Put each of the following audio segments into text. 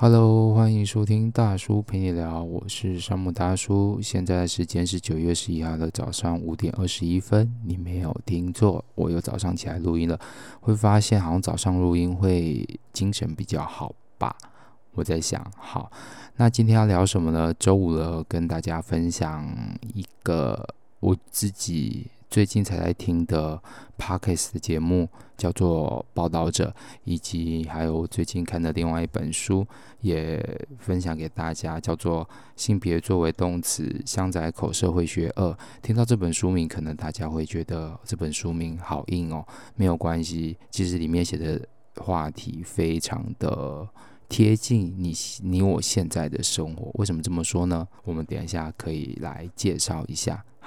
Hello，歡迎收聽大叔陪你聊，我是山姆大叔。現在時間是九月十一號的早上五點二十一分，你沒有聽錯，我又早上起來錄音了。會發現好像早上錄音會精神比較好吧？我在想，好，那今天要聊什麼呢？週五了，跟大家分享一個我自己，最近才在聽的 Podcast 的節目叫做《報導者》，以及還有最近看的另外一本書，也分享給大家，叫做《性別作為動詞：巷仔口社會學二》。聽到這本書名，可能大家會覺得這本書名好硬哦，沒有關係，其實裡面寫的話題非常的貼近你你我現在的生活。為什麼這麼說呢？我們等一下可以來介紹一下。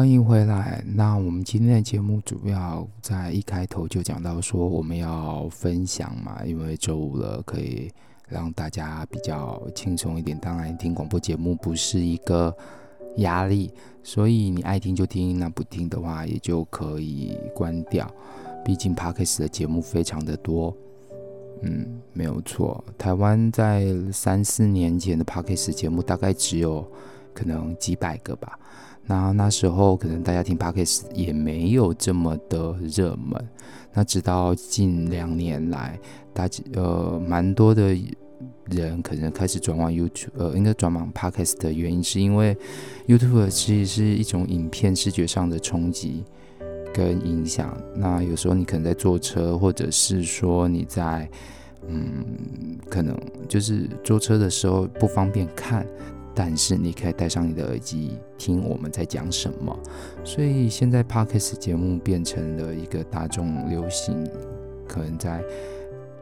歡迎回來。那我們今天的節目主要在一開頭就講到說，我們要分享嘛，因為周五了，可以讓大家比較輕鬆一點。當然，聽廣播節目不是一個壓力，所以你愛聽就聽，那不聽的話也就可以關掉。畢竟 Podcast 的節目非常的多。嗯，沒有錯。台灣在三四年前的 Podcast 節目大概只有可能幾百個吧。那那時候可能大家聽 Podcast 也沒有這麼的熱門。那直到近兩年來，大家呃蠻多的人可能開始轉往 YouTube，呃，應該轉往 Podcast 的原因是因為 YouTube 其實是一種影片視覺上的衝擊跟影響。那有時候你可能在坐車，或者是說你在嗯，可能就是坐車的時候不方便看。但是你可以戴上你的耳機聽我們在講什麼，所以現在 Podcast 節目變成了一個大眾流行，可能在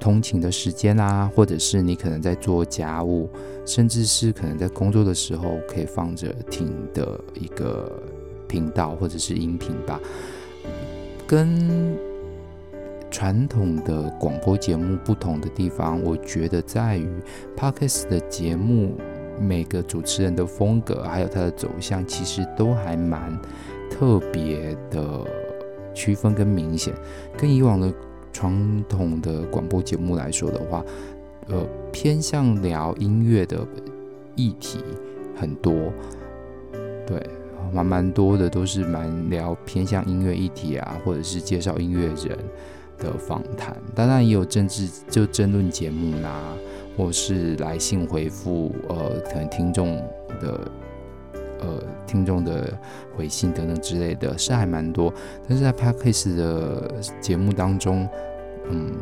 通勤的時間啦、啊，或者是你可能在做家務，甚至是可能在工作的時候可以放着聽的一個頻道或者是音頻吧、嗯。跟傳統的廣播節目不同的地方，我覺得在於 Podcast 的節目。每個主持人的風格，還有他的走向，其實都還蠻特別的區分跟明顯。跟以往的傳統的廣播節目來說的話，呃，偏向聊音樂的議題很多，對，蠻蠻多的都是蠻聊偏向音樂議題啊，或者是介紹音樂人的訪談。當然也有政治就爭論節目啦、啊。或是來信回復，呃，可能聽眾的，呃，聽眾的回信等等之類的，是還蠻多。但是在 Podcast 的節目當中，嗯，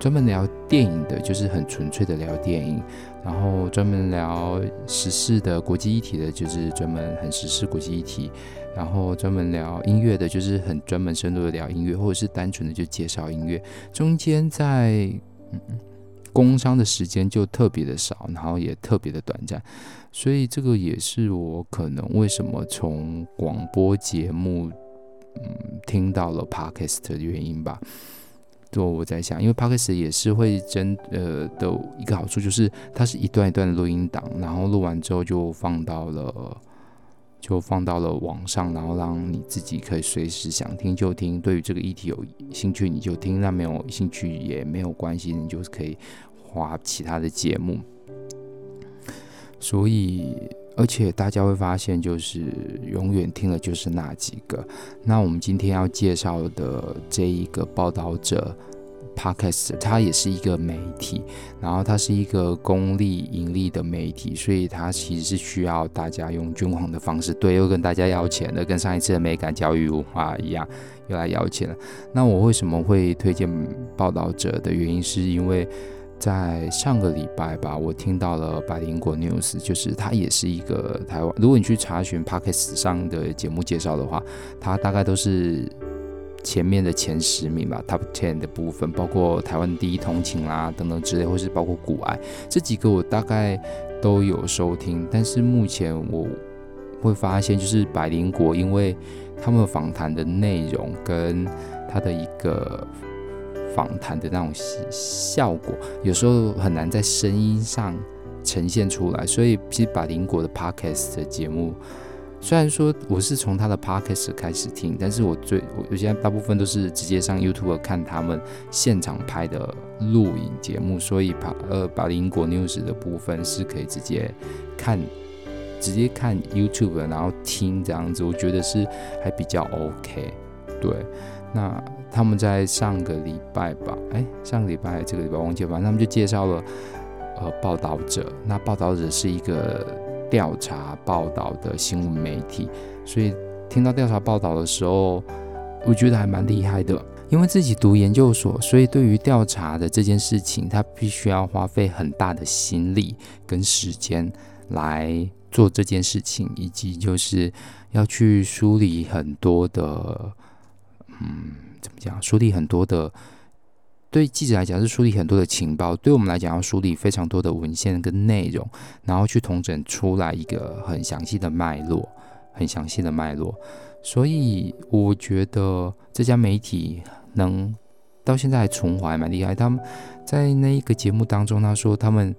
專門聊電影的，就是很純粹的聊電影；然後專門聊時事的、國際議題的，就是專門很時事、國際議題；然後專門聊音樂的，就是很專門深度的聊音樂，或者是單純的就介紹音樂。中間在，嗯嗯。工傷的時間就特別的少，然後也特別的短暫，所以這個也是我可能為什麼從廣播節目嗯聽到了 Podcast 的原因吧。就我在想，因為 Podcast 也是會真的呃的一個好處就是它是一段一段錄音檔，然後錄完之後就放到了就放到了網上，然後讓你自己可以隨時想聽就聽。對於這個議題有興趣你就聽，那沒有興趣也沒有關係，你就可以。其他的節目，所以而且大家會發現，就是永遠聽的就是那幾個。那我們今天要介紹的這一個報導者 Podcast，他也是一個媒體，然後他是一個公立盈利的媒體，所以他其實是需要大家用捐款的方式。對，又跟大家要錢的，跟上一次的美感教育文化一樣，又來要錢了。那我為什麼會推薦報導者的原因，是因為。在上個禮拜吧，我聽到了百靈果 news，就是它也是一個台灣。如果你去查詢 Podcast 上的節目介紹的話，它大概都是前面的前十名吧，top ten 的部分，包括台灣第一通勤啦、啊、等等之類，或是包括股癌這幾個，我大概都有收聽。但是目前我會發現，就是百靈果，因為他們的訪談的內容跟他的一個。訪談的那種效果，有時候很難在聲音上呈現出來，所以其實《百靈果》的 Podcast 節目，雖然說我是從他的 Podcast 開始聽，但是我最我現在大部分都是直接上 YouTube 看他們現場拍的錄影節目，所以把呃《百靈果 News》的部分是可以直接看，直接看 YouTube，然後聽這樣子，我覺得是還比較 OK，對。那他們在上個禮拜吧，哎，上個禮拜，這個禮拜忘記吧，他們就介紹了，呃，報道者。那報道者是一個調查報道的新聞媒體，所以聽到調查報道的時候，我覺得還蠻厲害的。因為自己讀研究所，所以對於調查的這件事情，他必須要花費很大的心力跟時間來做這件事情，以及就是要去梳理很多的。嗯，怎麼講？梳理很多的，對記者來講是梳理很多的情報，對我們來講要梳理非常多的文獻跟內容，然後去統整出來一個很詳細的脈絡，很詳細的脈絡。所以我覺得這家媒體能到現在還存活還蠻厲害。他們在那一個節目當中，他說他們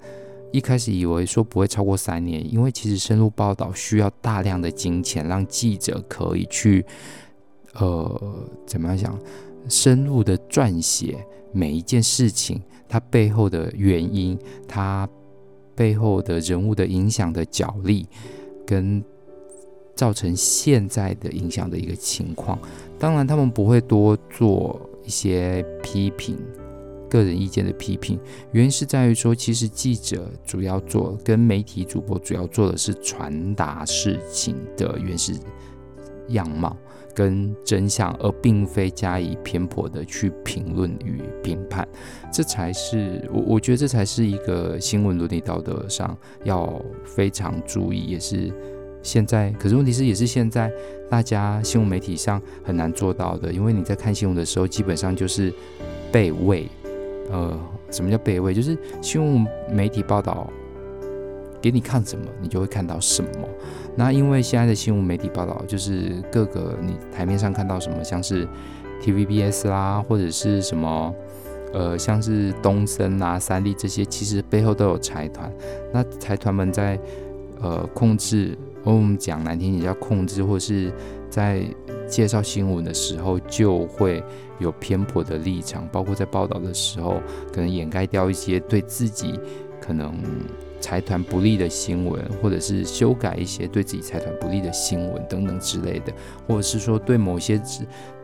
一開始以為說不會超過三年，因為其實深入報道需要大量的金錢，讓記者可以去。呃，怎麼樣講？深入的撰寫每一件事情，它背後的原因，它背後的人物的影響的角力，跟造成現在的影響的一個情況。當然，他們不會多做一些批評，個人意見的批評。原因是在於說，其實記者主要做，跟媒體主播主要做的是傳達事情的原始樣貌跟真相，而並非加以偏頗的去評論與評判，這才是我，我覺得這才是一個新聞倫理道德上要非常注意，也是現在，可是問題是，也是現在大家新聞媒體上很難做到的，因為你在看新聞的時候，基本上就是被餵。呃，什麼叫被餵？就是新聞媒體報道給你看什麼，你就會看到什麼。那因為現在的新聞媒體報道就是各個你台面上看到什麼，像是 TVBS 啦，或者是什麼，呃，像是東森啊、三立這些，其實背後都有財團。那財團們在呃控制，我們講難聽點叫控制，或者是在介紹新聞的時候就會有偏頗的立場，包括在報道的時候，可能掩蓋掉一些對自己可能。財團不利的新聞，或者是修改一些對自己財團不利的新聞等等之類的，或者是說對某些政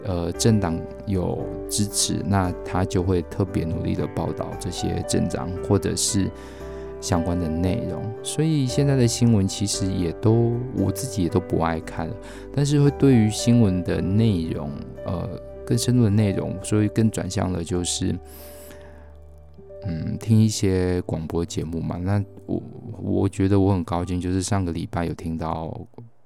呃政黨有支持，那他就會特別努力地報道這些政黨或者是相關的內容。所以現在的新聞其實也都我自己也都不愛看了，但是會對於新聞的內容呃更深入的內容，所以更轉向了就是。嗯，聽一些廣播節目嘛，那我我覺得我很高興，就是上個禮拜有聽到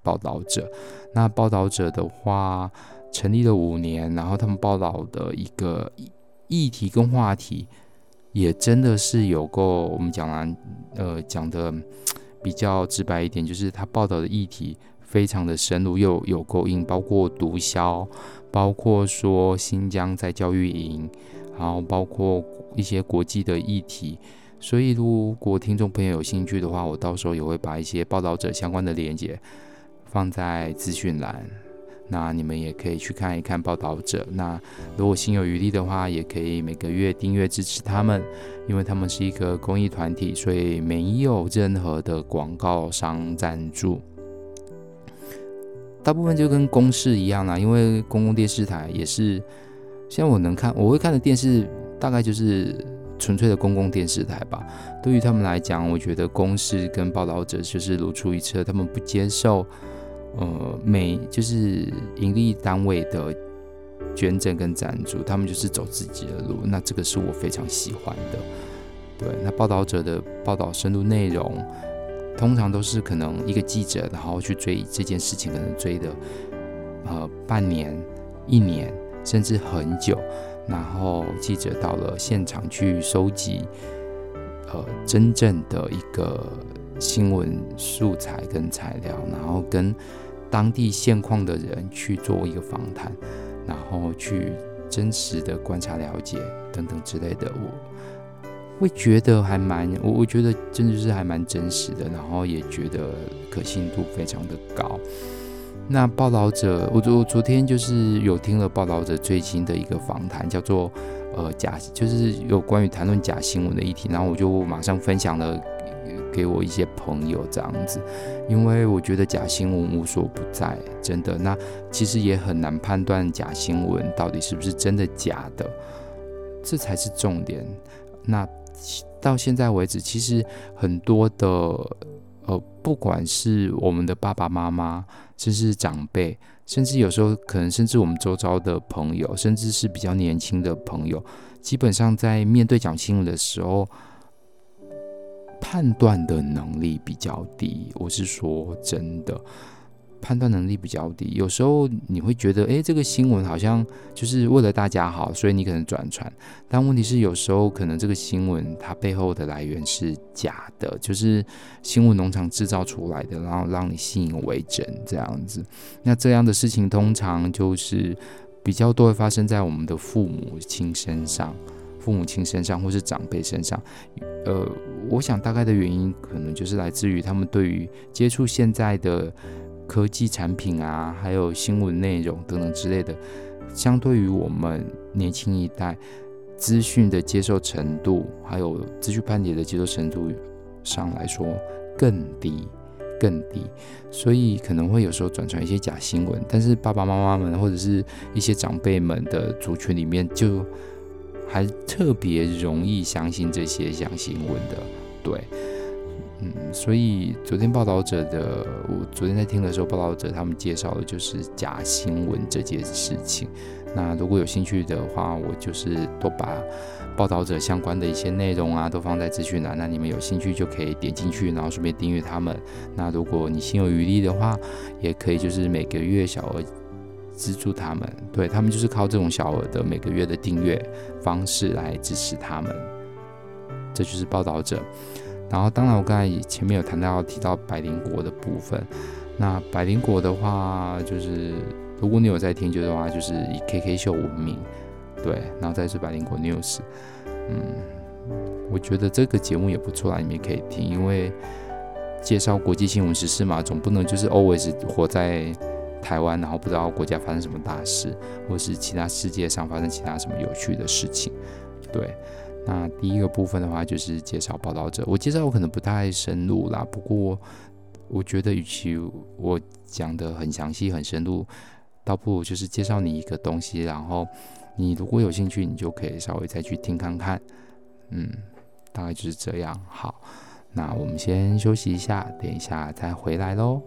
報道者。那報道者的話，成立了五年，然後他們報道的一個議題跟話題，也真的是有夠我們講完，呃，講的比較直白一點，就是他報道的議題非常的深入又有夠硬，包括毒梟，包括說新疆再教育營。然後包括一些國際的議題，所以如果聽眾朋友有興趣的話，我到時候也會把一些報導者相關的鏈接放在資訊欄，那你們也可以去看一看報導者。那如果心有餘力的話，也可以每個月訂閱支持他們，因為他們是一個公益團體，所以沒有任何的廣告商贊助，大部分就跟公視一樣啦，因為公共電視台也是。現在我能看我會看的電視，大概就是純粹的公共電視台吧。對於他們來講，我覺得公視跟報道者就是如出一轍，他們不接受呃每，就是盈利單位的捐贈跟贊助，他們就是走自己的路。那這個是我非常喜歡的。對，那報道者的報道深度內容，通常都是可能一個記者然後去追這件事情，可能追的呃半年一年。甚至很久，然後記者到了現場去收集，呃，真正的一個新聞素材跟材料，然後跟當地現況的人去做一個訪談，然後去真實的觀察了解等等之類的，我會覺得還蠻我我覺得真的是還蠻真實的，然後也覺得可信度非常的高。那報導者，我昨天就是有聽了報導者最新的一個訪談，叫做“呃假”，就是有關於談論假新聞的議題。然後我就馬上分享了給，給我一些朋友這樣子，因為我覺得假新聞無所不在，真的。那其實也很難判斷假新聞到底是不是真的假的，這才是重點。那到現在為止，其實很多的呃，不管是我們的爸爸媽媽。甚至長輩，甚至有時候可能，甚至我們周遭的朋友，甚至是比較年輕的朋友，基本上在面對講慶的時候，判斷的能力比較低。我是說真的。判斷能力比較低，有時候你會覺得，誒，這個新聞好像就是為了大家好，所以你可能轉傳。但問題是，有時候可能這個新聞它背後的來源是假的，就是新聞農場製造出來的，然後讓你信以為真這樣子。那這樣的事情通常就是比較多會發生在我們的父母親身上、父母親身上或是長輩身上。呃，我想大概的原因可能就是來自於他們對於接觸現在的。科技產品啊，還有新聞內容等等之類的，相對於我們年輕一代，資訊的接受程度，還有資訊判別的接受程度上來說，更低，更低。所以可能會有時候轉傳一些假新聞，但是爸爸媽媽們或者是一些長輩們的族群裡面，就還特別容易相信這些假新聞的，對。嗯，所以昨天報導者的，我昨天在聽的時候，報導者他們介紹的就是假新聞這件事情。那如果有興趣的話，我就是都把報導者相關的一些內容啊，都放在資訊欄，那你們有興趣就可以點進去，然後順便訂閱他們。那如果你心有餘力的話，也可以就是每個月小額資助他們，對他們就是靠這種小額的每個月的訂閱方式來支持他們。這就是報導者。然後，當然，我剛才前面有談到提到百靈果的部分。那百靈果的話，就是如果你有在聽覺的話，就是以 K K 秀聞名，對。然後，再是百靈果 News。嗯，我覺得這個節目也不錯啦，你們也可以聽，因為介紹國際新聞時事嘛，總不能就是 always 活在台灣，然後不知道國家發生什麼大事，或是其他世界上發生其他什麼有趣的事情，對。那第一個部分的話就是介紹報道者，我介紹我可能不太深入啦。不過我覺得，與其我講得很詳細、很深入，倒不如就是介紹你一個東西，然後你如果有興趣，你就可以稍微再去聽看看。嗯，大概就是這樣。好，那我們先休息一下，等一下再回來嘍。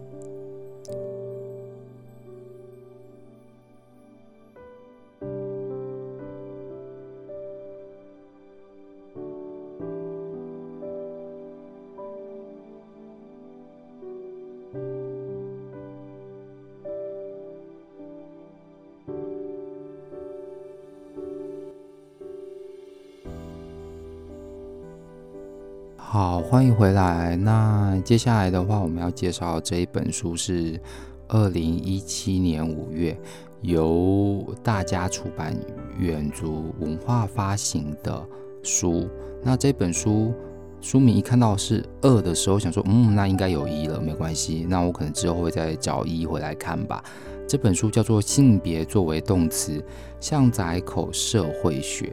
歡迎回來。那接下來的話，我們要介紹這一本書是二零一七年五月由大家出版遠足文化發行的書。那這本書書名一看到是二的時候，想說嗯，那應該有一了，沒關係。那我可能之後會再找一回來看吧。這本書叫做《性別作為動詞》，巷仔口社會學。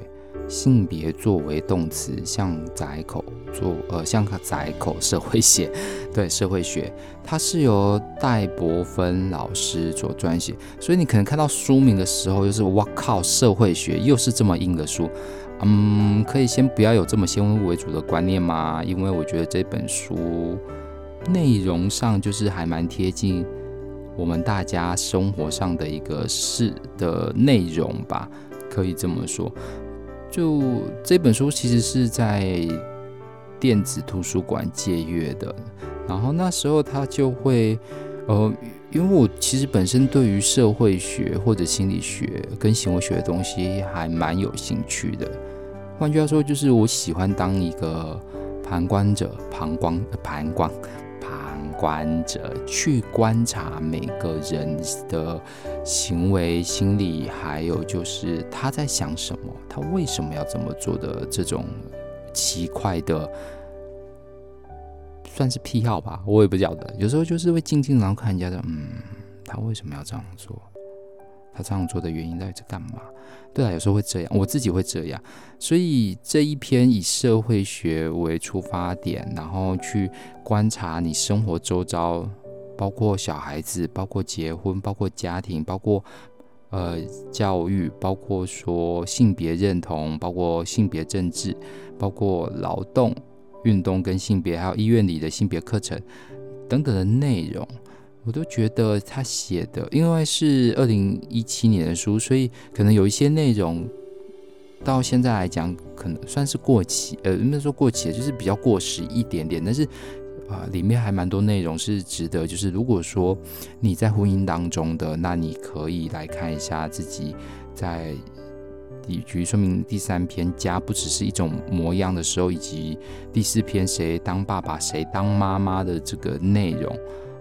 性別作為動詞，像巷口做呃，像巷口社會學，對社會學，它是由戴伯芬老師所撰寫，所以你可能看到書名的時候，就是，又是我靠，社會學又是這麼硬的書，嗯，可以先不要有這麼先入為主的觀念嘛，因為我覺得這本書內容上就是還蠻貼近我們大家生活上的一個事的內容吧，可以這麼說。就這本書其實是在電子圖書館借閱的，然後那時候他就會，呃，因為我其實本身對於社會學或者心理學跟行為學的東西還蠻有興趣的，換句話說就是我喜歡當一個旁觀者，旁觀，旁觀。觀者去觀察每個人的行為、心理，還有就是他在想什麼，他為什麼要這麼做的這種奇怪的，算是癖好吧？我也不曉得。有時候就是會靜靜，然後看人家的，嗯，他為什麼要這樣做？他這樣做的原因到底在幹嘛？對啊，有時候會這樣，我自己會這樣。所以這一篇以社會學為出發點，然後去觀察你生活周遭，包括小孩子，包括結婚，包括家庭，包括呃教育，包括說性別認同，包括性別政治，包括勞動、運動跟性別，還有醫院裡的性別課程等等的內容。我都覺得他寫的，因為是二零一七年的書，所以可能有一些內容到現在來講，可能算是過期，呃，應該說過期，就是比較過時一點點。但是啊、呃，裡面還蠻多內容是值得，就是如果說你在婚姻當中的，那你可以來看一下自己在，以及說明第三篇《家不只是一種模樣》的時候，以及第四篇《誰當爸爸誰當媽媽》的這個內容。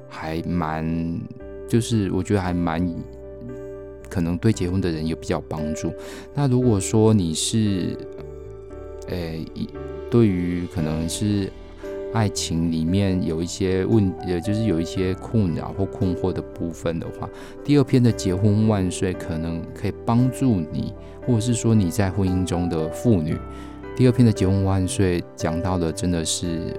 還蠻，就是我覺得還蠻可能對結婚的人有比較幫助。那如果說你是，呃，對於可能是愛情裡面有一些問，呃，就是有一些困擾或困惑的部分的話，第二篇的《結婚萬歲》可能可以幫助你，或者是說你在婚姻中的婦女。第二篇的《結婚萬歲》講到的真的是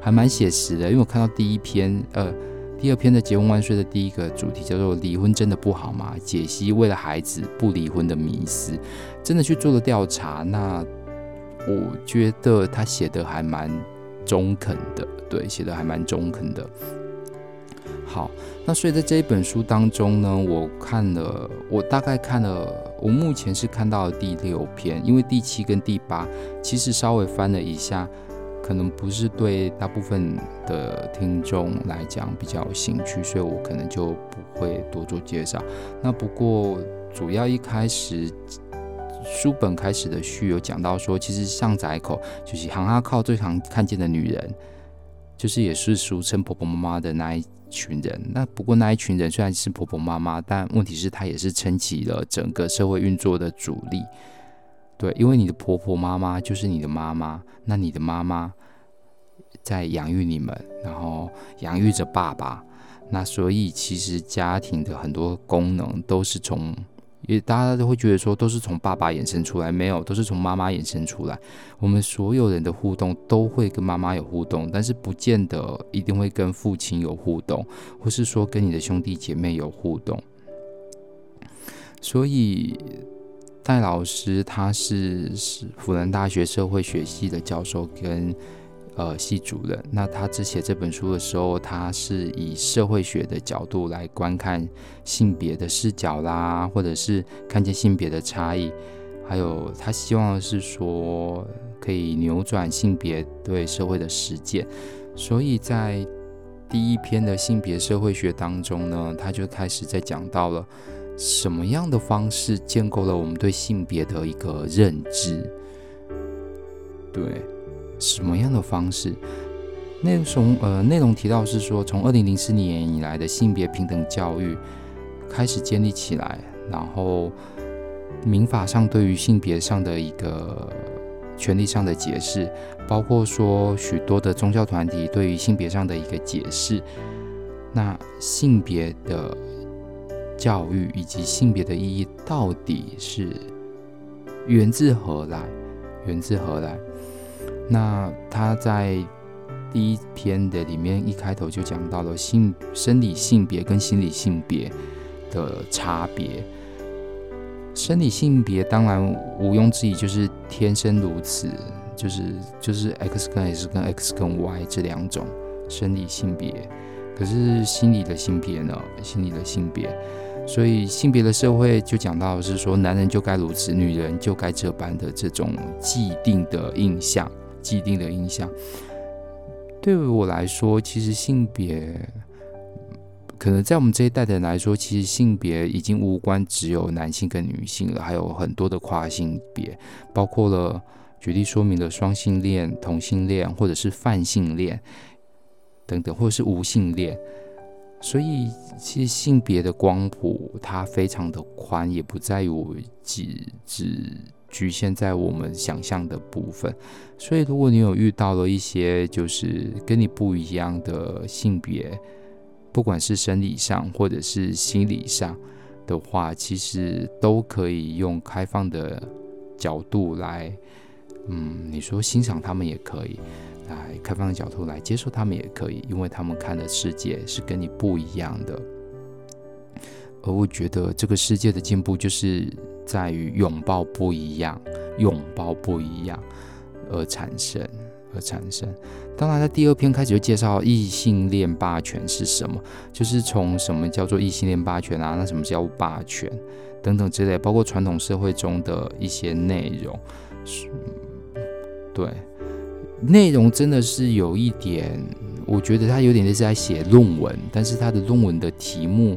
還蠻寫實的，因為我看到第一篇，呃。第二篇的《結婚萬歲》的第一個主題叫做“離婚真的不好嗎？”解析為了孩子不離婚的迷思，真的去做了調查。那我覺得他寫的還蠻中肯的，對，寫的還蠻中肯的。好，那所以在這一本書當中呢，我看了，我大概看了，我目前是看到了第六篇，因為第七跟第八其實稍微翻了一下。可能不是對大部分的聽眾來講比較有興趣，所以我可能就不會多做介紹。那不過主要一開始書本開始的序有講到說，其實上巷口就是巷仔、啊、口最常看見的女人，就是也是俗稱婆婆媽媽的那一群人。那不過那一群人雖然是婆婆媽媽，但問題是他也是撐起了整個社會運作的主力。對，因為你的婆婆媽媽就是你的媽媽，那你的媽媽在養育你們，然後養育着爸爸，那所以其實家庭的很多功能都是從，也大家都會覺得說都是從爸爸衍生出來，沒有，都是從媽媽衍生出來。我們所有人的互動都會跟媽媽有互動，但是不見得一定會跟父親有互動，或是說跟你的兄弟姐妹有互動，所以。戴老師他是是輔仁大學社會學系的教授跟呃系主任。那他撰寫這本書的時候，他是以社會學的角度來觀看性別的視角啦，或者是看見性別的差異，還有他希望是說可以扭轉性別對社會的實踐。所以在第一篇的性別社會學當中呢，他就開始在講到了。什麼樣的方式建構了我們對性別的一個認知？對，什麼樣的方式？內容呃，內容提到是說，從二零零四年以來的性別平等教育開始建立起來，然後民法上對於性別上的一個權利上的解釋，包括說許多的宗教團體對於性別上的一個解釋，那性別的。教育以及性別的意義到底是源自何來？源自何來？那他在第一篇的裡面一開頭就講到了性生理性別跟心理性別的差別。生理性別當然毋庸置疑就是天生如此，就是就是 X 跟 X 跟 X 跟 Y 這兩種生理性別。可是心理的性別呢？心理的性別？所以，性別的社會就講到是說，男人就該如此，女人就該這般的這種既定的印象。既定的印象，對於我來說，其實性別可能在我們這一代的人來說，其實性別已經無關，只有男性跟女性了。還有很多的跨性別，包括了舉例說明的雙性戀、同性戀，或者是泛性戀等等，或者是無性戀。所以，其實性別的光譜它非常的寬，也不在於我只只局限在我們想象的部分。所以，如果你有遇到了一些就是跟你不一樣的性別，不管是生理上或者是心理上的話，其實都可以用開放的角度來。嗯，你說欣賞他們也可以，來開放的角度來接受他們也可以，因為他們看的世界是跟你不一樣的。而我覺得這個世界的進步就是在於擁抱不一樣，擁抱不一樣而產生，而產生。當然，在第二篇開始就介紹異性戀霸權是什麼，就是從什麼叫做異性戀霸權啊，那什麼叫霸權等等之類，包括傳統社會中的一些內容。對，內容真的是有一點，我覺得他有點像是在寫論文，但是他的論文的題目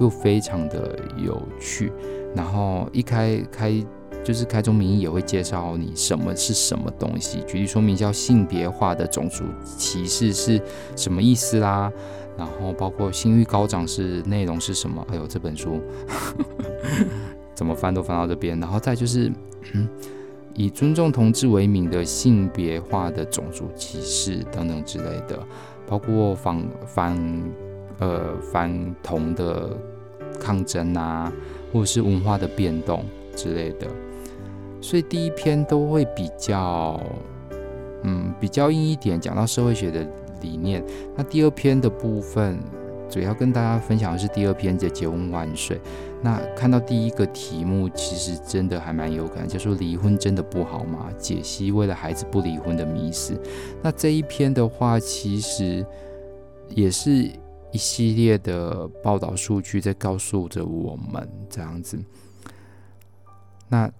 又非常的有趣。然後一開開就是開宗明義也會介紹你什麼是什麼東西，舉例說明叫性別化的種族歧視是什麼意思啦。然後包括性慾高漲是內容是什麼？哎呦，這本書呵呵怎麼翻都翻到這邊。然後再就是。嗯以尊重同志為名的性別化的種族歧視等等之類的，包括反反，呃，反同的抗爭啊，或是文化的變動之類的，所以第一篇都會比較嗯，比較硬一點，講到社會學的理念。那第二篇的部分，主要跟大家分享的是第二篇的結婚晚睡。那看到第一個題目，其實真的還蠻有感，就說離婚真的不好嗎？解析為了孩子不離婚的迷思。那這一篇的話，其實也是一系列的報道數據在告訴着我們這樣子。那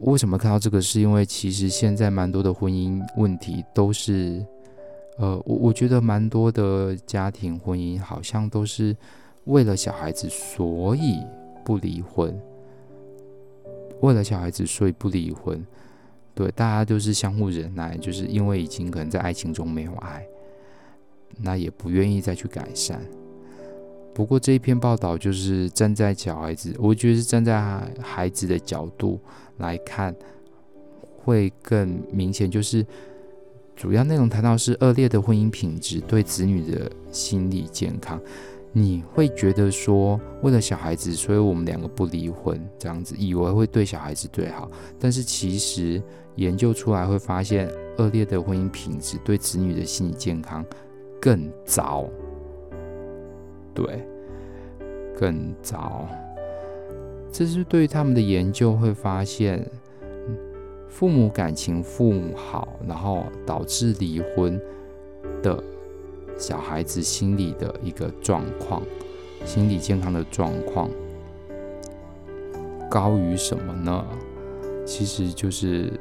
為什麼看到這個是？是因為其實現在蠻多的婚姻問題都是，呃，我我覺得蠻多的家庭婚姻好像都是為了小孩子，所以。不離婚，為了小孩子所以不離婚，對大家都是相互忍耐，就是因為已經可能在愛情中沒有愛，那也不願意再去改善。不過這一篇報道就是站在小孩子，我覺得是站在孩子的角度來看，會更明顯，就是主要內容談到是惡劣的婚姻品質，對子女的心理健康。你會覺得說，為了小孩子，所以我們兩個不離婚這樣子，以為會對小孩子最好。但是其實研究出來會發現，惡劣的婚姻品質對子女的心理健康更糟。對，更糟。這是對他們的研究會發現，父母感情父母好，然後導致離婚的。小孩子心理的一個狀況，心理健康的狀況高於什麼呢？其實就是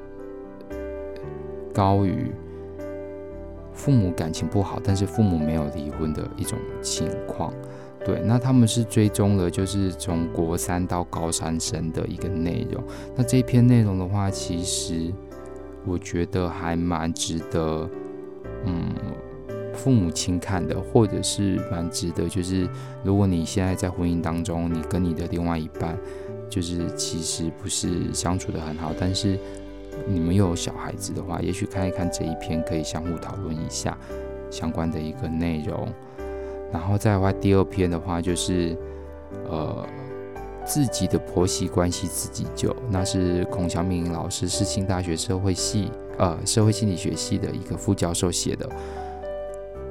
高於父母感情不好，但是父母沒有離婚的一種情況。對，那他們是追蹤了，就是從國三到高三生的一個內容。那這篇內容的話，其實我覺得還蠻值得，嗯。父母親看的，或者是蠻值得。就是如果你現在在婚姻當中，你跟你的另外一半，就是其實不是相處得很好，但是你們有小孩子的話，也許看一看這一篇，可以相互討論一下相關的一個內容。然後再外第二篇的話，就是呃，自己的婆媳關係自己救。那是孔祥明老師是世新大學社會系呃社會心理學系的一個副教授寫的。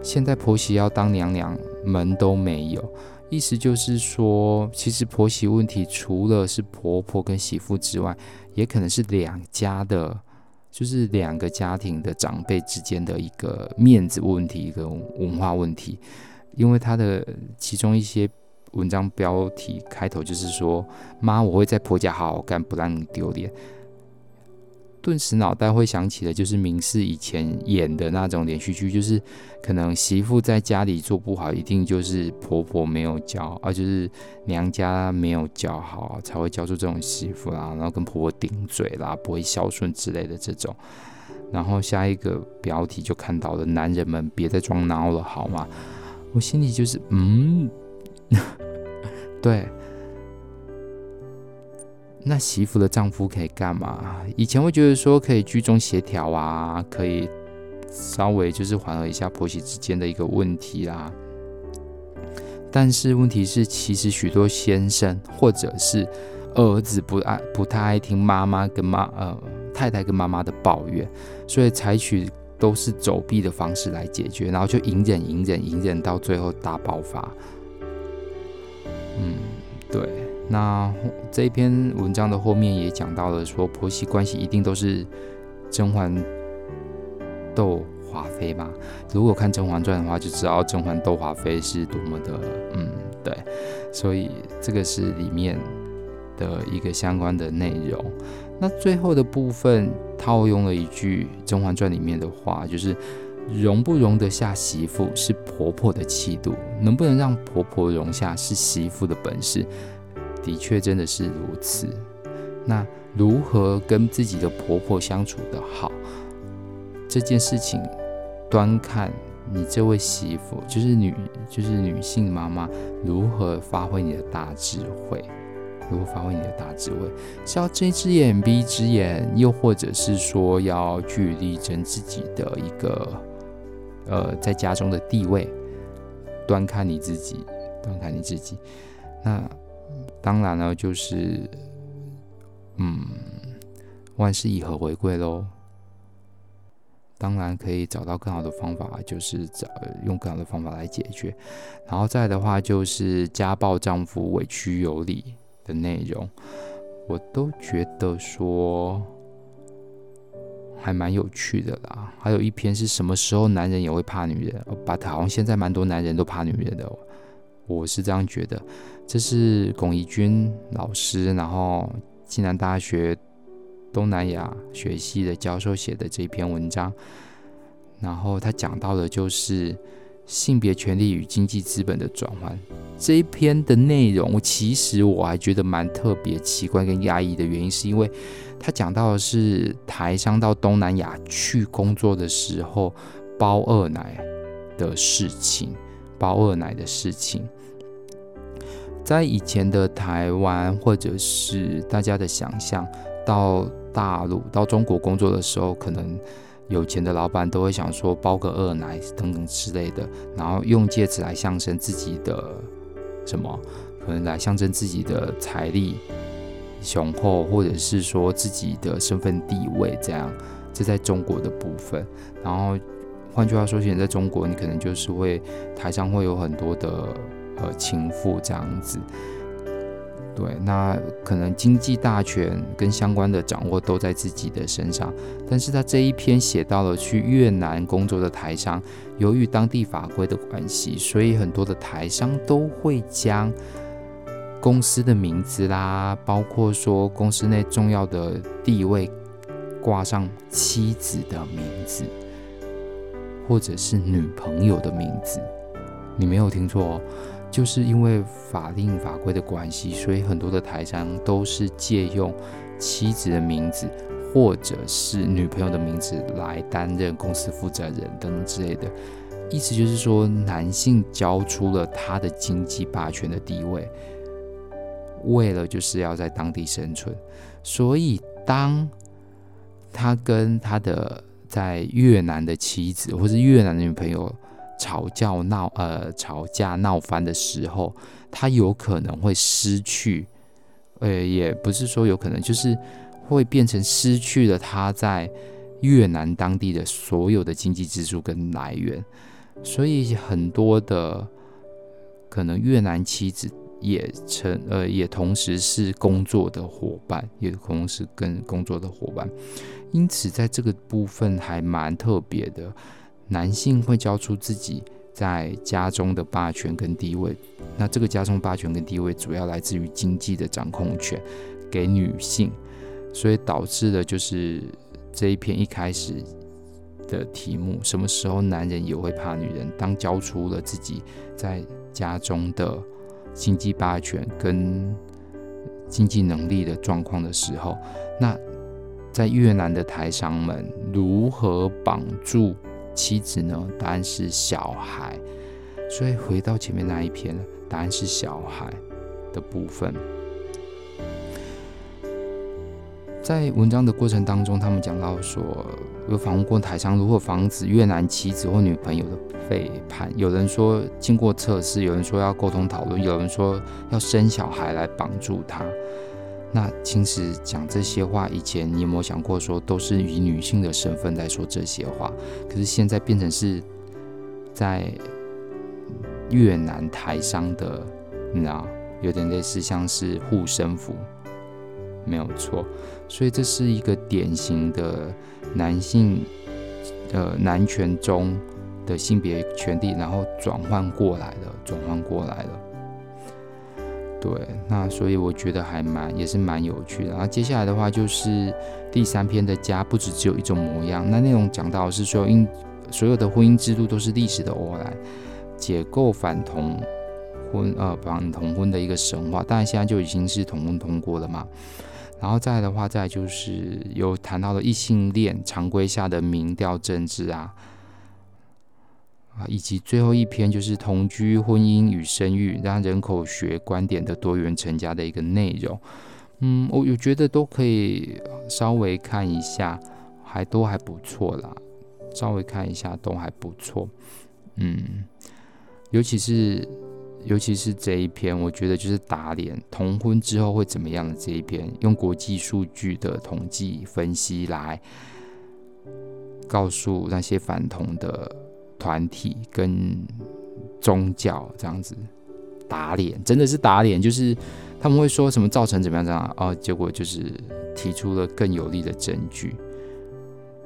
現在婆媳要當娘娘，門都沒有，意思就是說，其實婆媳問題除了是婆婆跟媳婦之外，也可能是兩家的，就是兩個家庭的長輩之間的一個面子問題跟文化問題。因為他的其中一些文章標題開頭就是說：“媽，我會在婆家好好幹，不讓你丟臉。”頓時腦袋會想起的，就是民視以前演的那種連續劇，就是可能媳婦在家裡做不好，一定就是婆婆沒有教，啊，而就是娘家沒有教好，才會教出這種媳婦啦，然後跟婆婆頂嘴啦，不會孝順之類的這種。然後下一個標題就看到了，男人們別再裝孬了，好嗎？我心裡就是，嗯， 對。那媳婦的丈夫可以幹嘛？以前會覺得說，可以居中協調啊，可以稍微就是緩和一下婆媳之間的一個問題啦、啊。但是問題是，其實許多先生或者是兒子不愛不太愛聽媽媽跟媽呃太太跟媽媽的抱怨，所以採取都是走避的方式來解決，然後就隱忍隱忍隱忍到最後大爆發。嗯，對。那這篇文章的後面也講到了說，說婆媳關係一定都是甄嬛鬥華妃吧。如果看《甄嬛傳》的話，就知道甄嬛鬥華妃是多麼的……嗯，對。所以這個是裡面的一個相關的內容。那最後的部分套用了一句《甄嬛傳》裡面的話，就是“容不容得下媳婦是婆婆的氣度，能不能讓婆婆容下是媳婦的本事。”的確真的是如此。那如何跟自己的婆婆相處得好，這件事情，端看你這位媳婦，就是女，就是女性媽媽如何發揮你的大智慧，如何發揮你的大智慧，是要睜一隻眼閉一隻眼，又或者是說要去力爭自己的一個呃在家中的地位，端看你自己，端看你自己，那。當然了，就是，嗯，萬事以和為貴嘍。當然可以找到更好的方法，就是找用更好的方法來解決。然後再來的話，就是家暴丈夫委屈有理的內容，我都覺得說還蠻有趣的啦。還有一篇是什麼時候男人也會怕女人哦，把他好像現在蠻多男人都怕女人的，哦，我是這樣覺得。這是龔宜君老師，然後暨南大學東南亞學系的教授寫的這一篇文章，然後他講到的就是性別權利與經濟資本的轉換這一篇的內容。其實我還覺得蠻特別、奇怪跟壓抑的原因，是因為他講到的是台商到東南亞去工作的時候包二奶的事情，包二奶的事情。在以前的台灣，或者是大家的想象，到大陸、到中國工作的時候，可能有錢的老板都會想說包個二奶等等之類的，然後用戒指來象徵自己的什麼，可能來象徵自己的財力雄厚，或者是說自己的身份地位這樣。這在中國的部分，然後換句話說，現在在中國，你可能就是會台上會有很多的。和情婦這樣子，對，那可能經濟大權跟相關的掌握都在自己的身上。但是他這一篇寫到了去越南工作的台商，由於當地法規的關係，所以很多的台商都會將公司的名字啦，包括說公司內重要的地位掛上妻子的名字，或者是女朋友的名字。你沒有聽錯哦。就是因為法令法規的關係，所以很多的台商都是借用妻子的名字，或者是女朋友的名字來擔任公司負責人等等之類的。意思就是說，男性交出了他的經濟霸權的地位，為了就是要在當地生存。所以，當他跟他的在越南的妻子，或是越南的女朋友。吵,叫呃、吵架鬧呃吵架鬧翻的時候，他有可能會失去，呃，也不是說有可能，就是會變成失去了他在越南當地的所有的經濟支柱跟來源，所以很多的可能越南妻子也成呃也同時是工作的伙伴，也同時跟工作的伙伴，因此在這個部分還蠻特別的。男性會交出自己在家中的霸權跟地位，那這個家中霸權跟地位主要來自於經濟的掌控權給女性，所以導致的就是這一篇一開始的題目：什麼時候男人也會怕女人？當交出了自己在家中的經濟霸權跟經濟能力的狀況的時候，那在越南的台商們如何綁住？妻子呢？答案是小孩。所以回到前面那一篇，答案是小孩的部分。在文章的過程當中，他們講到說，有訪問過台商如何防止越南妻子或女朋友的背叛。有人說經過測試，有人說要溝通討論，有人說要生小孩來幫助他。那其實講這些話以前，你有沒有想過說都是以女性的身份在說這些話？可是現在變成是，在越南台商的，你知道，有點類似像是護身符，沒有錯。所以這是一個典型的男性，呃，男權中的性別權利，然後轉換過來了，轉換過來了。對，那所以我覺得還蠻也是蠻有趣的。然後接下來的話就是第三篇的家，不只只有一種模樣。那內容講到是所有因所有的婚姻制度都是歷史的偶然，解構反同婚呃反同婚的一個神話。當然現在就已經是同婚通過了嘛。然後再來的話，再就是有談到了異性戀常規下的民調政治啊。啊，以及最後一篇就是同居、婚姻與生育，讓人口學觀點的多元成家的一個內容。嗯，我有覺得都可以稍微看一下，還都還不錯啦。稍微看一下都還不錯。嗯，尤其是尤其是這一篇，我覺得就是打臉同婚之後會怎麼樣的這一篇，用國際數據的統計分析來告訴那些反同的。團體跟宗教，這樣子打臉，真的是打臉，就是他們會說什麼造成怎麼樣這樣，哦，結果就是提出了更有力的證據，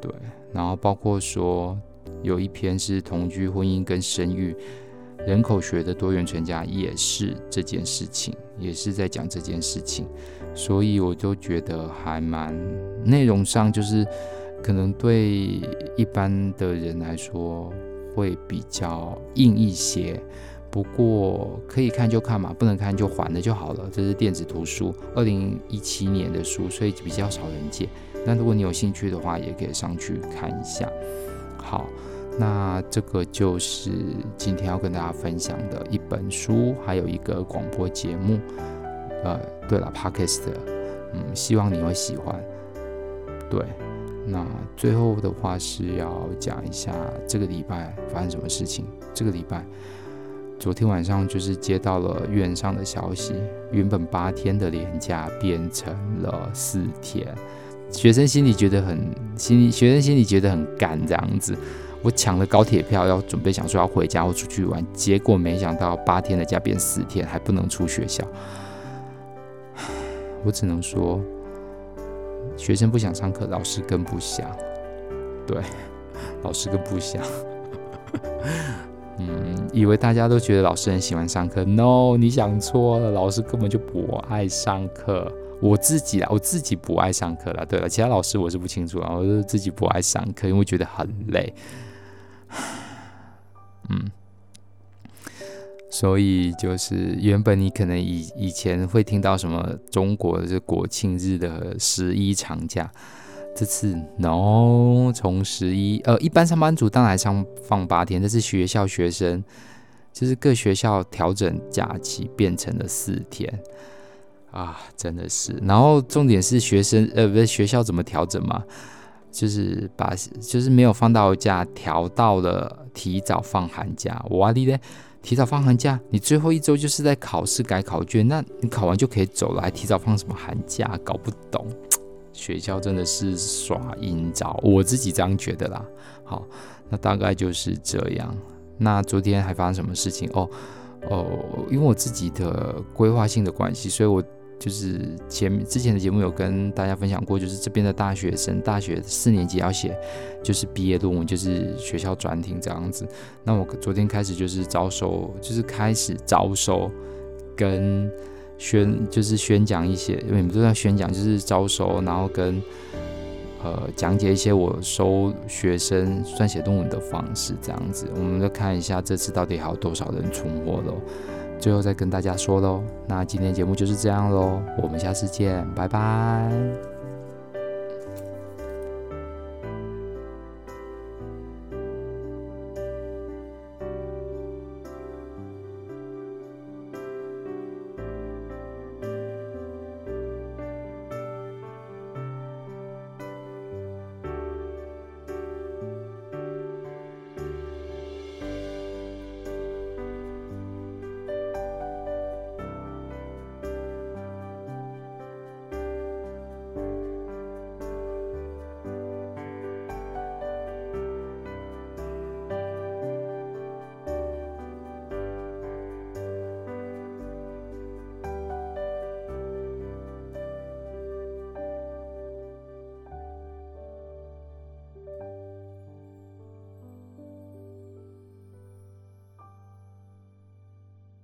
對，然後包括說有一篇是同居婚姻跟生育人口學的多元成家，也是這件事情，也是在講這件事情，所以我就覺得還蠻內容上就是可能對一般的人來說。會比較硬一些，不過可以看就看嘛，不能看就還了就好了。這是電子圖書，二零一七年的書，所以比較少人借。那如果你有興趣的話，也可以上去看一下。好，那這個就是今天要跟大家分享的一本書，還有一個廣播節目。呃，對了，Podcast，嗯，希望你會喜歡。對。那最後的話是要講一下這個禮拜發生什麼事情。這個禮拜，昨天晚上就是接到了院上的消息，原本八天的連假變成了四天。學生心裡覺得很心裡，學生心裡覺得很幹這樣子。我搶了高鐵票，要準備想說要回家或出去玩，結果沒想到八天的假變四天，還不能出學校。我只能說。學生不想上課，老師更不想。對，老師更不想。 嗯，以為大家都覺得老師很喜歡上課，No，你想錯了，老師根本就不愛上課。我自己啦，我自己不愛上課啦。對了，其他老師我是不清楚啊，我是自己不愛上課，因為覺得很累。嗯。所以就是原本你可能以以前會聽到什麼中國的國慶日的十一長假，這次喏，no, 從十一呃一般上班族當然上放八天，但是學校學生就是各學校調整假期變成了四天啊，真的是。然後重點是學生呃不是學校怎麼調整嘛，就是把就是沒有放到假調到了提早放寒假，我滴嘞！提早放寒假，你最後一周就是在考試改考卷。那你考完就可以走了，還提早放什麼寒假？搞不懂，學校真的是耍陰招，我自己這樣覺得啦。好，那大概就是這樣。那昨天還發生什麼事情？哦哦，因為我自己的規劃性的關係，所以我。就是前、之前的節目有跟大家分享過，就是這邊的大學生大學四年級要寫，就是畢業論文，就是學校專題這樣子。那我昨天開始就是招收，就是開始招收跟宣，就是宣講一些，因為你們都在宣講，就是招收，然後跟呃講解一些我收學生撰寫論文的方式這樣子。我們就看一下這次到底還有多少人出沒咯。最後再跟大家說嘍，那今天節目就是這樣嘍，我們下次見，拜拜。